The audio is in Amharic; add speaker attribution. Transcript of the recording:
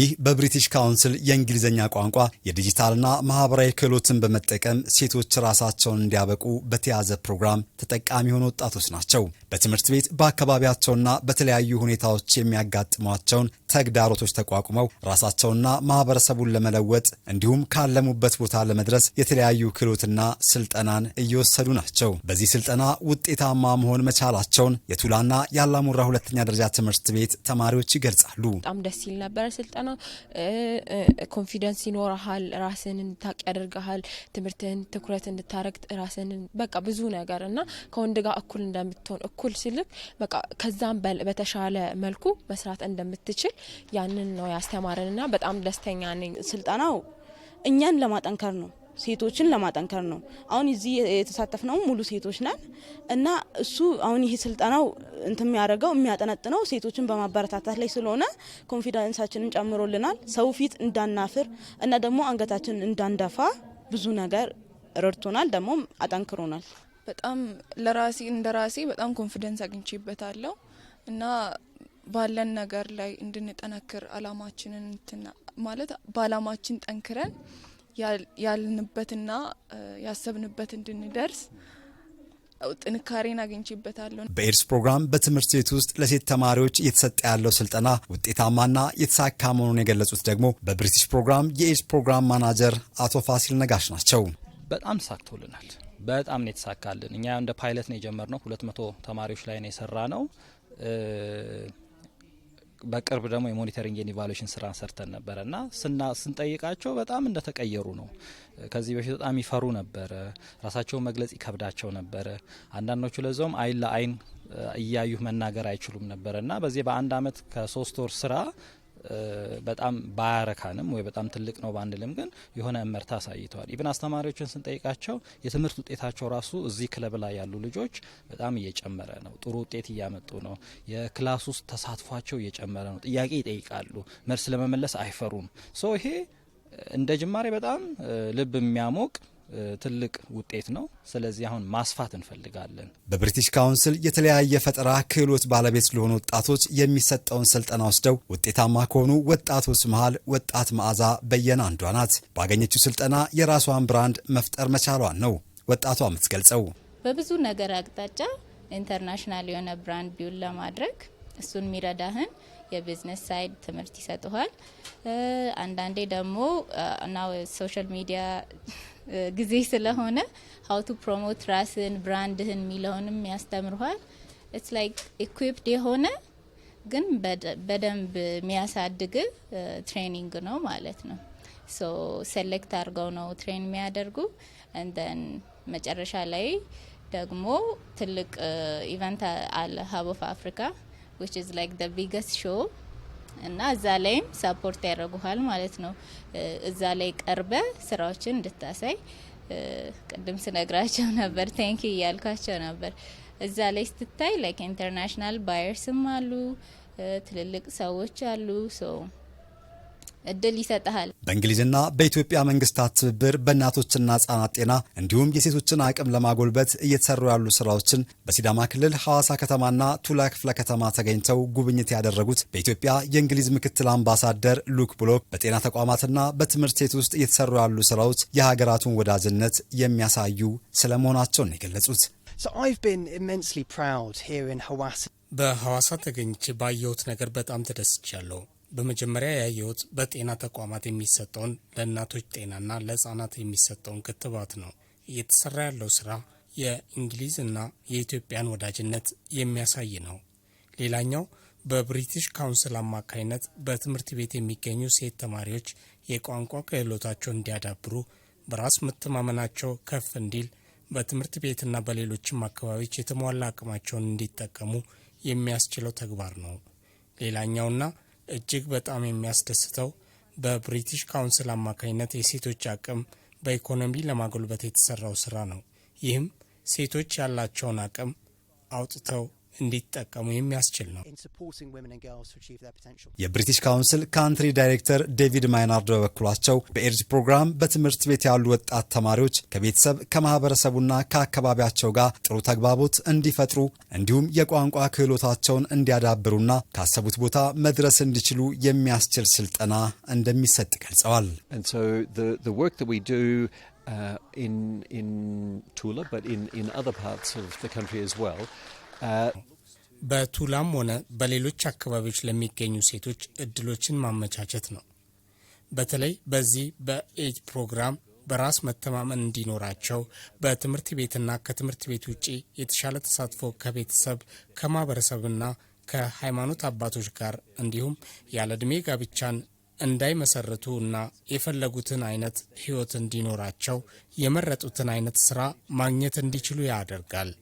Speaker 1: ይህ በብሪቲሽ ካውንስል የእንግሊዝኛ ቋንቋ የዲጂታልና ማህበራዊ ክህሎትን በመጠቀም ሴቶች ራሳቸውን እንዲያበቁ በተያዘ ፕሮግራም ተጠቃሚ የሆኑ ወጣቶች ናቸው። በትምህርት ቤት በአካባቢያቸውና በተለያዩ ሁኔታዎች የሚያጋጥሟቸውን ተግዳሮቶች ተቋቁመው ራሳቸውና ማህበረሰቡን ለመለወጥ እንዲሁም ካለሙበት ቦታ ለመድረስ የተለያዩ ክህሎትና ስልጠናን እየወሰዱ ናቸው። በዚህ ስልጠና ውጤታማ መሆን መቻላቸውን የቱላና የአላሙራ ሁለተኛ ደረጃ ትምህርት ቤት ተማሪዎች ይገልጻሉ።
Speaker 2: በጣም ደስ ይል ነበረ ስልጠና። ኮንፊደንስ ይኖረሃል፣ ራስን እንድታቅ ያደርግሃል፣ ትምህርትህን ትኩረት እንድታረግ ራስን በቃ ብዙ ነገር እና ከወንድ ጋር እኩል እንደምትሆን እኩል ሲልክ በቃ ከዛም በተሻለ መልኩ መስራት እንደምትችል ያንን ነው ያስተማረን ና በጣም ደስተኛ ነኝ።
Speaker 3: ስልጠናው እኛን ለማጠንከር ነው ሴቶችን ለማጠንከር ነው። አሁን እዚህ የተሳተፍነው ሙሉ ሴቶች ነን እና እሱ አሁን ይሄ ስልጠናው እንትን የሚያደርገው የሚያጠነጥነው ሴቶችን በማበረታታት ላይ ስለሆነ ኮንፊደንሳችንን ጨምሮልናል። ሰው ፊት እንዳናፍር እና ደግሞ አንገታችንን እንዳንደፋ ብዙ ነገር ረድቶናል፣ ደግሞ አጠንክሮናል።
Speaker 4: በጣም ለራሴ እንደ ራሴ በጣም ኮንፊደንስ አግኝቼበታለሁ እና ባለን ነገር ላይ እንድንጠነክር አላማችንን እንትና ማለት በአላማችን ጠንክረን ያልንበትና ያሰብንበት እንድንደርስ ጥንካሬን አግኝችበታለሁ።
Speaker 1: በኤድስ ፕሮግራም በትምህርት ቤት ውስጥ ለሴት ተማሪዎች እየተሰጠ ያለው ስልጠና ውጤታማና የተሳካ መሆኑን የገለጹት ደግሞ በብሪቲሽ ፕሮግራም የኤድስ ፕሮግራም ማናጀር አቶ ፋሲል ነጋሽ ናቸው።
Speaker 5: በጣም ሳክቶልናል። በጣም ነው የተሳካልን። እኛ እንደ ፓይለት ነው የጀመርነው። ሁለት መቶ ተማሪዎች ላይ ነው የሰራ ነው በቅርብ ደግሞ የሞኒተሪንግ ኢቫሉዌሽን ስራ ሰርተን ነበረ እና ስንጠይቃቸው በጣም እንደተቀየሩ ነው። ከዚህ በፊት በጣም ይፈሩ ነበረ፣ ራሳቸውን መግለጽ ይከብዳቸው ነበረ። አንዳንዶቹ ለዛውም አይን ለአይን እያዩ መናገር አይችሉም ነበረ እና በዚህ በአንድ አመት ከሶስት ወር ስራ በጣም ባያረካንም ወይ በጣም ትልቅ ነው ባንልም፣ ግን የሆነ እመርታ አሳይተዋል። ኢብን አስተማሪዎችን ስንጠይቃቸው የትምህርት ውጤታቸው ራሱ እዚህ ክለብ ላይ ያሉ ልጆች በጣም እየጨመረ ነው፣ ጥሩ ውጤት እያመጡ ነው፣ የክላስ ውስጥ ተሳትፏቸው እየጨመረ ነው፣ ጥያቄ ይጠይቃሉ፣ መልስ ለመመለስ አይፈሩም። ሶ ይሄ እንደ ጅማሬ በጣም ልብ የሚያሞቅ ትልቅ ውጤት ነው። ስለዚህ አሁን ማስፋት እንፈልጋለን።
Speaker 1: በብሪቲሽ ካውንስል የተለያየ ፈጠራ ክህሎት ባለቤት ለሆኑ ወጣቶች የሚሰጠውን ስልጠና ወስደው ውጤታማ ከሆኑ ወጣቶች መሀል ወጣት መዓዛ በየነ አንዷ ናት። ባገኘችው ስልጠና የራሷን ብራንድ መፍጠር መቻሏን ነው ወጣቷ የምትገልጸው።
Speaker 6: በብዙ ነገር አቅጣጫ ኢንተርናሽናል የሆነ ብራንድ ቢውል ለማድረግ እሱን የሚረዳህን የቢዝነስ ሳይድ ትምህርት ይሰጥኋል። አንዳንዴ ደግሞ እና ሶሻል ሚዲያ ጊዜ ስለሆነ ሀው ቱ ፕሮሞት ራስን ብራንድህን የሚለውንም ያስተምርኋል። ኢትስ ላይክ ኢኩዊፕድ የሆነ ግን በደንብ የሚያሳድግ ትሬኒንግ ነው ማለት ነው። ሶ ሴሌክት አድርገው ነው ትሬን የሚያደርጉ እንደን መጨረሻ ላይ ደግሞ ትልቅ ኢቨንት አለ ሀብ ኦፍ አፍሪካ ዊች ኢዝ ላይክ ደ ቢገስት ሾው እና እዛ ላይም ሳፖርት ያደርጉሃል ማለት ነው። እዛ ላይ ቀርበ ስራዎችን እንድታሳይ ቅድም ስነግራቸው ነበር፣ ቴንኪ እያልኳቸው ነበር። እዛ ላይ ስትታይ ላይክ ኢንተርናሽናል ባየርስም አሉ፣ ትልልቅ ሰዎች አሉ። እድል ይሰጥሃል።
Speaker 1: በእንግሊዝና በኢትዮጵያ መንግስታት ትብብር በእናቶችና ህጻናት ጤና እንዲሁም የሴቶችን አቅም ለማጎልበት እየተሰሩ ያሉ ስራዎችን በሲዳማ ክልል ሐዋሳ ከተማና ቱላ ክፍለ ከተማ ተገኝተው ጉብኝት ያደረጉት በኢትዮጵያ የእንግሊዝ ምክትል አምባሳደር ሉክ ብሎክ በጤና ተቋማትና በትምህርት ቤት ውስጥ እየተሰሩ ያሉ ስራዎች የሀገራቱን ወዳጅነት የሚያሳዩ ስለመሆናቸውን የገለጹት
Speaker 7: በሐዋሳ ተገኝቼ ባየሁት ነገር በጣም ተደስቻለሁ። በመጀመሪያ ያየሁት በጤና ተቋማት የሚሰጠውን ለእናቶች ጤናና ለህፃናት የሚሰጠውን ክትባት ነው። እየተሰራ ያለው ስራ የእንግሊዝና የኢትዮጵያን ወዳጅነት የሚያሳይ ነው። ሌላኛው በብሪቲሽ ካውንስል አማካይነት በትምህርት ቤት የሚገኙ ሴት ተማሪዎች የቋንቋ ክህሎታቸው እንዲያዳብሩ፣ በራስ መተማመናቸው ከፍ እንዲል፣ በትምህርት ቤትና በሌሎችም አካባቢዎች የተሟላ አቅማቸውን እንዲጠቀሙ የሚያስችለው ተግባር ነው። ሌላኛውና እጅግ በጣም የሚያስደስተው በብሪቲሽ ካውንስል አማካኝነት የሴቶች አቅም በኢኮኖሚ ለማጎልበት የተሰራው ስራ ነው። ይህም ሴቶች ያላቸውን አቅም አውጥተው እንዲጠቀሙ የሚያስችል ነው።
Speaker 1: የብሪቲሽ ካውንስል ካንትሪ ዳይሬክተር ዴቪድ ማይናርድ በበኩሏቸው በኤድድ ፕሮግራም በትምህርት ቤት ያሉ ወጣት ተማሪዎች ከቤተሰብ ከማህበረሰቡና ከአካባቢያቸው ጋር ጥሩ ተግባቦት እንዲፈጥሩ እንዲሁም የቋንቋ ክህሎታቸውን እንዲያዳብሩና ካሰቡት ቦታ መድረስ እንዲችሉ የሚያስችል ስልጠና እንደሚሰጥ ገልጸዋል።
Speaker 8: Uh, in in Tula, but in in other parts of the country as well,
Speaker 7: በቱላም ሆነ በሌሎች አካባቢዎች ለሚገኙ ሴቶች እድሎችን ማመቻቸት ነው። በተለይ በዚህ በኤጅ ፕሮግራም በራስ መተማመን እንዲኖራቸው በትምህርት ቤትና ከትምህርት ቤት ውጪ የተሻለ ተሳትፎ ከቤተሰብ ከማህበረሰብና ከሃይማኖት አባቶች ጋር እንዲሁም ያለ ዕድሜ ጋብቻን እንዳይመሰርቱ እና የፈለጉትን አይነት ህይወት እንዲኖራቸው የመረጡትን አይነት ስራ ማግኘት እንዲችሉ ያደርጋል።